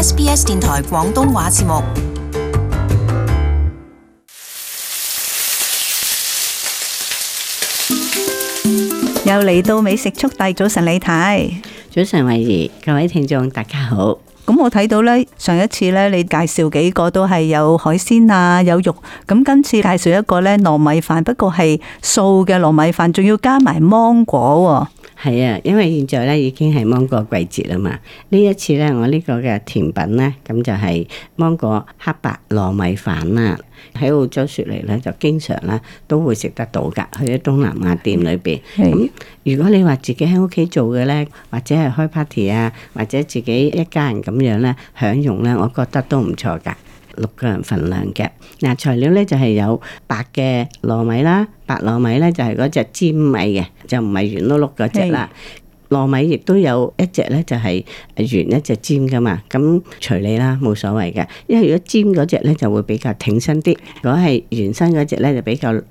SBS 電台廣東話節目，又嚟到美食速遞，早晨李太，早晨慧怡，各位聽眾大家好。咁我睇到咧，上一次咧你介紹幾個都係有海鮮啊，有肉，咁今次介紹一個咧糯米飯，不過係素嘅糯米飯，仲要加埋芒果。係啊，因為現在咧已經係芒果季節啦嘛。呢一次咧，我呢個嘅甜品咧，咁就係芒果黑白糯米飯啦。喺澳洲雪梨咧，就經常咧都會食得到噶去咗東南亞店裏邊，咁的如果你話自己喺屋企做嘅咧，或者係開 party 啊，或者自己一家人咁樣咧享用咧，我覺得都唔錯噶六個人份量嘅嗱，啊，材料咧就係、是，有白嘅糯米啦，白糯米咧就係、是，嗰隻尖米嘅，就唔係圓碌碌嗰隻啦。是糯米亦都有一隻咧就係、是，圓一隻尖噶嘛，咁隨你啦，冇所謂嘅。因為如果尖嗰隻咧就會比較挺身啲，如果係原身嗰隻咧就比較糯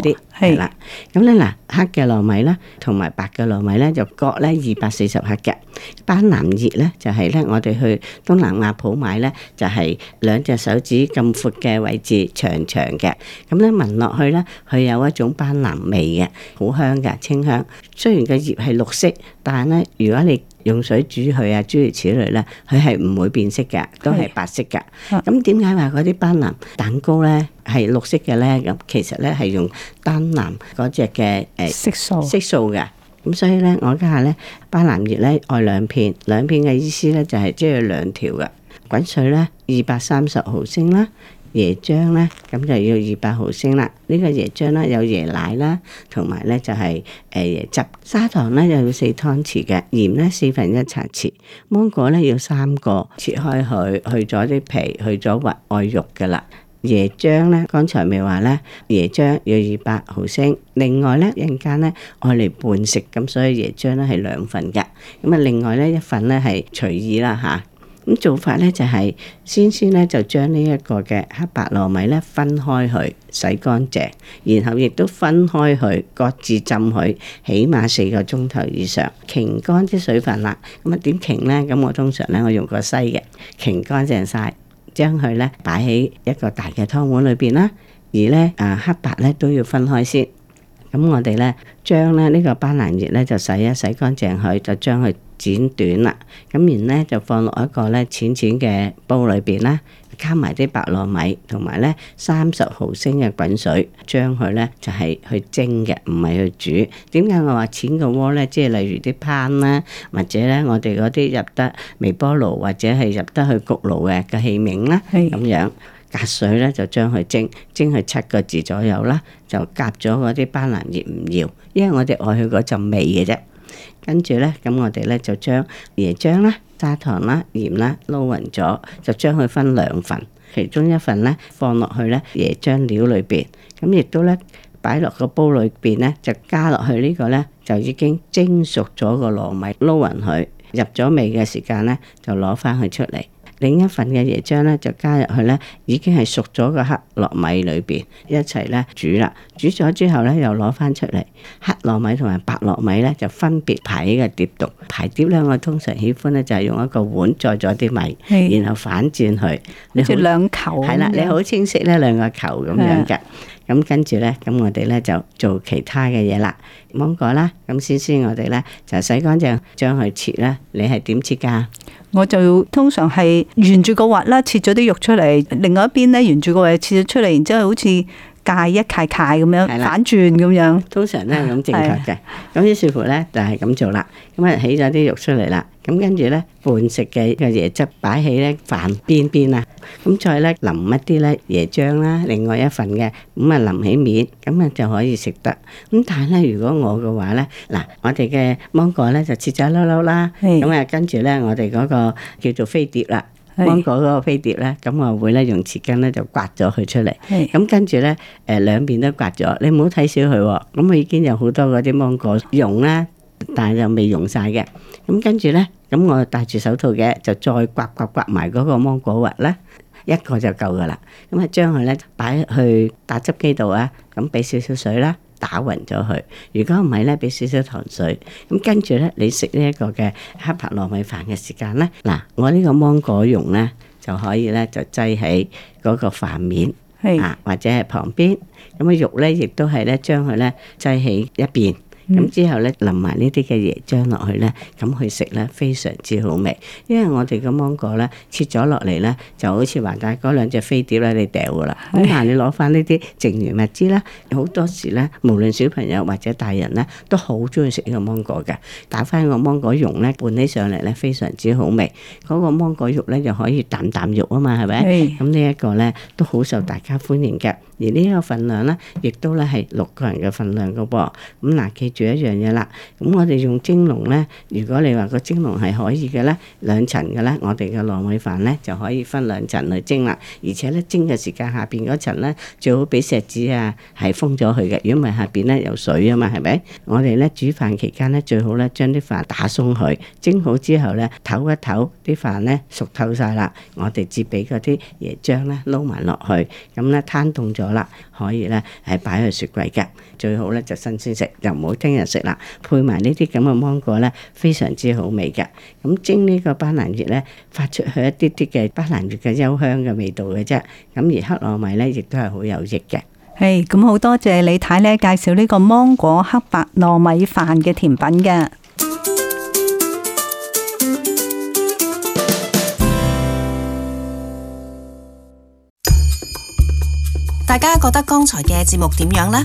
啲。係、哦、啦。咁咧嗱，黑嘅糯米啦，同埋白嘅糯米咧就各咧二百四十克嘅。斑蘭葉咧，就係咧我哋去東南亞鋪買咧，就係兩隻手指咁闊嘅位置，長長嘅。咁咧聞落去咧，佢有一種斑蘭味嘅，好香嘅，清香。雖然個葉係綠色，但係咧，如果你用水煮佢啊，諸如此類咧，佢係唔會變色嘅，都係白色㗎。咁點解話嗰啲斑蘭蛋糕咧係綠色嘅咧？咁其實咧係用斑蘭嗰隻嘅誒色素色素嘅。咁所以咧，我家下咧，班蘭葉咧，愛兩片，兩片嘅意思咧就係即係兩條嘅。滾水咧，二百三十毫升啦，椰漿咧，咁就要二百毫升啦。呢、這個椰漿咧有椰奶啦，同埋咧就係、是、誒椰汁砂糖咧又要四湯匙嘅，鹽咧四分一茶匙，芒果咧要三個，切開佢，去咗啲皮，去咗核，愛肉噶啦。椰漿呢，剛才咪話咧，椰漿要二百毫升。另外咧，人間咧愛嚟拌食，咁所以椰漿咧係兩份噶。咁啊，另外咧一份咧係隨意啦吓。咁、啊、做法咧就係、是、先先咧就將呢一個嘅黑白糯米咧分開去洗乾淨，然後亦都分開去各自浸佢，起碼四個鐘頭以上，擎乾啲水分啦。咁啊點擎咧？咁我通常咧我用個篩嘅擎乾淨晒。將佢咧擺喺一個大嘅湯碗裏邊啦，而咧誒黑白咧都要分開先。咁我哋咧將咧呢個斑蘭葉咧就洗一洗乾淨佢，就將佢剪短啦。咁然咧就放落一個咧淺淺嘅煲裏邊啦。加埋啲白糯米，同埋咧三十毫升嘅滾水，將佢咧就係去蒸嘅，唔係去煮。點解我話淺個鍋咧？即係例如啲 pan 啦，或者咧我哋嗰啲入得微波爐或者係入得去焗爐嘅嘅器皿啦，咁樣隔水咧就將佢蒸，蒸去七個字左右啦，就隔咗嗰啲班蘭葉唔要，因為我哋愛佢嗰陣味嘅啫。跟住咧，咁我哋咧就將椰漿啦。砂糖啦、鹽啦，撈勻咗就將佢分兩份，其中一份咧放落去咧椰漿料裏邊，咁亦都咧擺落個煲裏邊咧，就加落去個呢個咧就已經蒸熟咗個糯米，撈勻佢入咗味嘅時間咧，就攞翻佢出嚟。另一份嘅椰漿咧，就加入去咧，已經係熟咗個黑糯米裏邊，一齊咧煮啦。煮咗之後咧，又攞翻出嚟，黑糯米同埋白糯米咧，就分別排喺個碟度。排碟咧，我通常喜歡咧，就係用一個碗載咗啲米，是然後反轉佢。好似是很兩球。係啦，你好清晰咧，兩個球咁樣噶。咁跟住咧，咁我哋咧就做其他嘅嘢啦。芒果啦，咁先先我呢，我哋咧就洗乾淨，將佢切啦。你係點切噶？我就通常係沿住個核啦，切咗啲肉出嚟，另外一邊咧沿住個核切咗出嚟，然之後好似。界一塊塊咁樣，反轉咁樣，通常咧咁正確嘅，咁於 是，的是乎咧就係咁做啦。咁啊起咗啲肉出嚟啦，咁跟住咧半食嘅嘅椰汁擺喺咧飯邊邊啊，咁再咧淋一啲咧椰漿啦，另外一份嘅，咁啊淋起面，咁啊就可以食得。咁但係咧如果我嘅話咧，嗱我哋嘅芒果咧就切咗一粒粒啦，咁啊的跟住咧我哋嗰個叫做飛碟啦。芒果嗰個飛碟咧，咁我會咧用匙羹咧就刮咗佢出嚟，咁是跟住咧誒兩邊都刮咗，你唔好睇小佢，咁我已經有好多嗰啲芒果溶啦，但係就未溶晒嘅，咁跟住咧，咁我戴住手套嘅就再刮刮刮埋嗰個芒果核啦，一個就夠噶啦，咁啊將佢咧擺去打汁機度啊，咁俾少少水啦。打勻咗佢，如果唔係咧，俾少少糖水。咁跟住咧，你食呢一個嘅黑白糯米飯嘅時間咧，嗱，我呢個芒果蓉咧就可以咧就擠喺嗰個飯面是啊，或者係旁邊。咁啊肉咧，亦都係咧將佢咧擠喺一邊。咁、嗯、之後咧淋埋呢啲嘅椰漿落去咧，咁去食咧非常之好味。因為我哋嘅芒果咧切咗落嚟咧，就好似話曬嗰兩隻飛碟咧，你掉噶啦。咁嗱，你攞翻呢啲剩餘物資咧，好多時咧無論小朋友或者大人咧，都好中意食呢個芒果嘅。打翻個芒果蓉咧拌起上嚟咧，非常之好味。嗰、那個芒果肉咧又可以啖啖肉啊嘛，係咪？咁是呢一個咧都好受大家歡迎嘅。而份呢一個份量咧，亦都咧係六個人嘅份量噶噃。咁嗱，記。煮一樣嘢啦，咁我哋用蒸籠咧。如果你話個蒸籠係可以嘅咧，兩層嘅咧，我哋嘅糯米飯咧就可以分兩層嚟蒸啦。而且咧蒸嘅時間下邊嗰層咧，最好俾錫紙啊係封咗佢嘅，如果唔係下邊咧有水啊嘛，係咪？我哋咧煮飯期間咧，最好咧將啲飯打鬆佢，蒸好之後咧，唞一唞，啲飯咧熟透晒啦。我哋接俾嗰啲椰漿咧撈埋落去，咁咧攤凍咗啦，可以咧係擺去雪櫃嘅，最好咧就新鮮食，又唔好。聽日食啦，配埋呢啲咁嘅芒果呢，非常之好味㗎。咁蒸呢個班蘭葉呢，發出去一啲啲嘅班蘭葉嘅幽香嘅味道嘅啫。咁而黑糯米呢，亦都係好有益嘅。誒，咁好多謝李太呢介紹呢個芒果黑白糯米飯嘅甜品嘅。大家覺得剛才嘅節目點樣呢？